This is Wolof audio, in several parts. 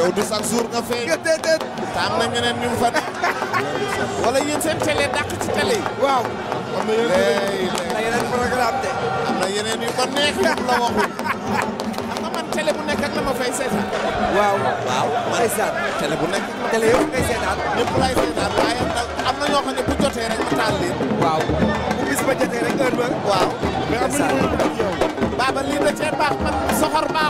yow du sax suur nga feeñ. déedéet taam na ñeneen ñu fa. wala yéen seen télé dàq ci télé yi. waaw. am na yeneen programme de. ko neex la waxul. xam nga man télé bu nekk ak la ma fay seetaan. waaw waaw man télé bu nekk. télé yow ngay seetaan. ñëpp laay seetaan waaye am na ñoo xam ne bu jotee rek ma taal waaw bu bis ba jotee rek heure waaw. mais am na yow. baax man soxor baax.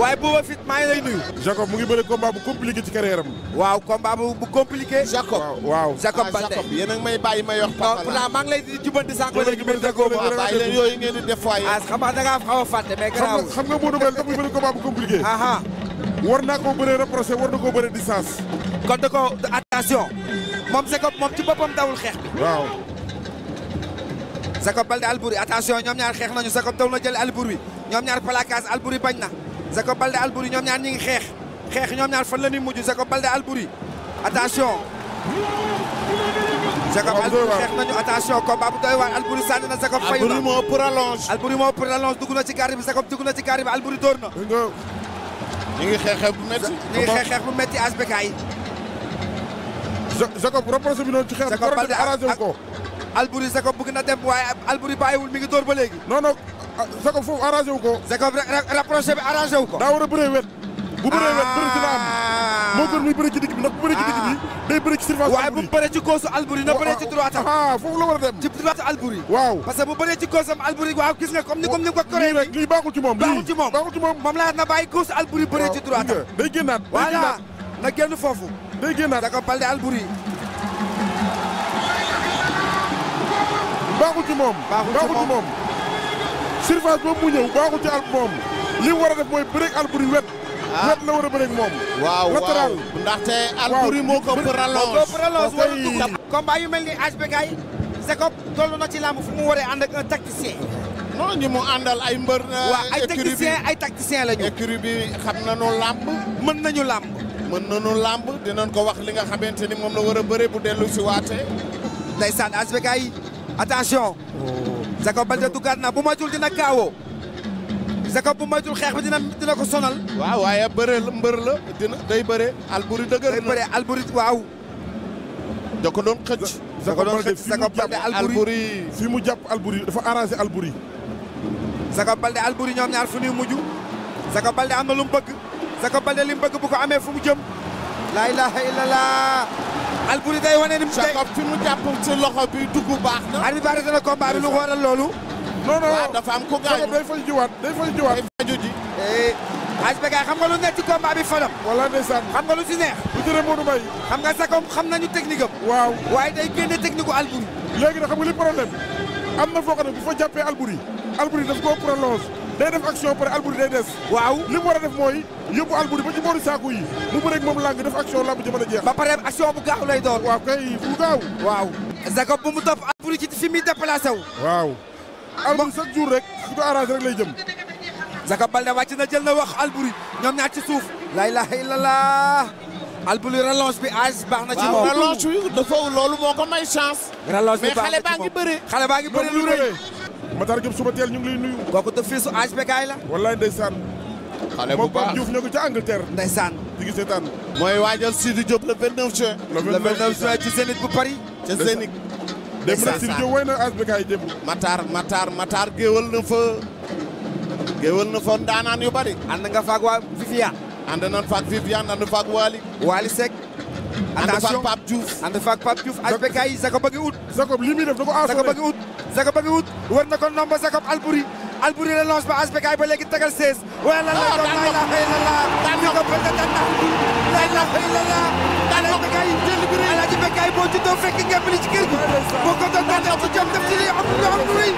waaye booba fit maa ngi lay nuyu. Jacob mu ngi bëri combat bu compliqué ci carrière am. waaw combat bu bu compliqué. Jacob waaw Jacob ah, Jacob yéen a ngi may bàyyi may wax. non pourtant ah. maa ngi lay jubanti sànq. ku nekk bëri Jacob waaw bàyyi leen yooyu ngeen di def waaye. ah xam nga da ngaa xaw a fàtte mais garaaw. xam nga xam nga boo demee da muy bëri combat bu compliqué. ah ah war naa koo bëree reprocher war na koo bëree distance. kon da ko attention moom Jacob moom ci boppam dawul xeex. waaw. Jacob Balde Albour attention ñoom ñaar xeex nañu Jacob taw na jël Albour bi ñoom ñaar placage Albour bi bañ na. Zeko Baldé Albouri ñoom ñaar ñi ngi xeex xeex ñoom ñaar fan la ñuy mujj Jacob Baldé Albouri attention. Zeko Albouri xeex nañu attention combat bu doy waar Albouri sànni na Zeko fay na Albouri moo prolonge. Albouri moo prolonge dugg na ci carré bi Jacob dugg na ci carré bi Albouri dóor na. ñu ngi xeex xeex bu métti. ñu ngi xeex xeex bu métti ASBK yi. Jacob bi noonu ci xeex. Jacob Baldé arrangé ko al Jacob bëgg na dem waaye Alboury bàyyiwul mi ngi dóor ba léegi. non non ah, Jacob foofu arrangé wu ko. Jacob rapproché bi arrangé wu ko. a bëree wet. bu bëree wet bëri dina ah. moo gën muy bëree ci digg bi nag bu bëree ci digg bi. Ah. na bëree ci droite am. ah a dem. ci droite Alboury. waaw parce que bu ni comme ni ko koree. lii rek lii baaxul ci moom na bàyyi góosu Alboury bëree ci droite am. day génnaat day na génn foofu. day génnaat baaxul ci moom. baaxul boobu mu ñëw baaxul ci moom li mu war a def mooy bëreeg Albouri wet. Ah. wet la war a bëreeg moom. waaw waaw ndaxte Albouri moo ko prolonge. moo koy combat yu mel ni HBK Jacob toll na ci làmb fu mu waree ànd ak un tacticien. mu àndal ay mbër. Euh, waaw ay tacticien ay tacticien la ñu. bi xam nañu làmb. mën nañu làmb. mën nañu làmb dinañ ko wax li nga xamante ni moom la war a bëree bu dellu si waatee. ndeysaan HBK yi. attention za ko balde tukat na bu majul dina kawo za ko bu majul xex dina dina ko sonal waaw waaye beure mbeur la dina day beure alburi deugal day beure alburi waaw da ko don xej za ko don xej za ko balde alburi fi mu japp alburi dafa arranger alburi za ko balde alburi ñom ñaar fu ñu muju za ko balde amna lu mu bëgg za ko balde lim bëgg bu ko amé fu mu jëm la ilaha illallah Alboury day wane ni mu tey fi mu jàpp ci loxo bi dugg baax na. Aliou Ba dana combat bi lu ko waral loolu. non non waaw dafa am ku gaañu day fay jiwaat day fay jiwaat. day ji. Eh, xam nga lu nekk ci combat bi fanam. wala ndeysaan. xam nga lu ci neex. bu jëlee Modou Mbaye. xam nga Sakko xam nañu technique am. waaw waaye day génne technique gu Alboury. léegi nag xam nga li problème am na foo xam ne bu fa jàppee Alboury. Alboury daf koo prolonge. day def action pare Albouri day des waaw li mu war a def mooy yóbbu Albouri ba ci booru saaku yi mu bëreeg moom làng def action lamb ji mën a jeex ba pare action bu gaaw lay doon waaw kay bu gaaw waaw Jacob bu mu topp Albouri ci fi muy déplacé wu waaw Albouri chaque jour rek su ko arrangé rek lay jëm Jacob Baldé wàcc na jël na wax Albouri ñoom ñaar ci suuf la ilaha illallah Albouri relance bi âge baax na ci moom relance bi loolu moo ko may chance na ci moom mais baa ngi bëre xale baa Matar Diop suba teel ñu ngi nuyu. kooku te fii su HBK la. wallaay ndeysaan. xale bu baax Diouf ñoo ngi ca Angleterre. ndeysaan di ngi seetaan. mooy waajal Sidi Diop le 29 juin. le 29 juin ci Zénith bu Paris. ca Zénith. dem na Sidi Diop woy na HBK yi démb. Matar Matar Matar géewal fa. géewal na ndaanaan yu bari. ànd nga faag waa Viviane. ànd nañ faag Viviane ànd faag Waly. Waly Seck. attention a faak Pape Diouf ànd faak Pape Diouf HBK yi Jacob a ngi ut. Jacob li muy a ut. Jacob a ngi ut war na ko nomba Jacob Albouri Albouri la lance ba HBK ba léegi tegal 16. waaye lan la doon la ilaha illallah. daan na ko daan na ko la ilaha illallah. daan na ko HBK yi jël bi rëy. fekk ngeen bëri ci kër gi. boo ko doon jom def ci li am lu am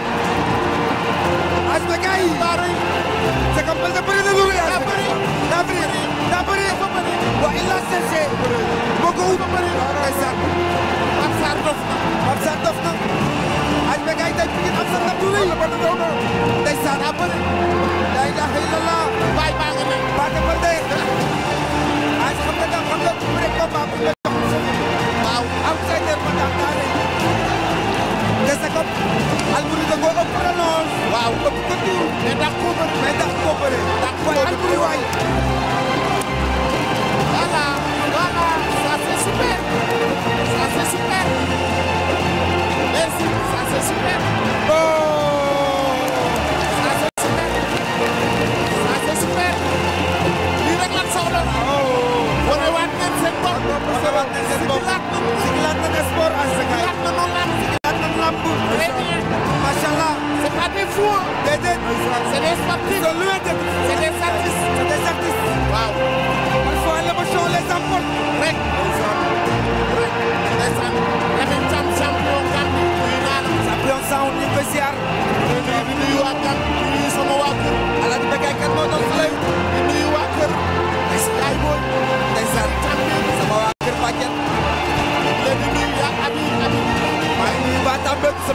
ko wut ba pare. waaw kay Sarr Pape Sarr dof na. Pape Sarr dof na. ay béykat yi ñu am sa nattu rëy. wala wala wala. ndeysaan a bëri. laa ilaaha illallah. waay baa nga ne. baa nga bëri de. ah xam nga da xam nga bu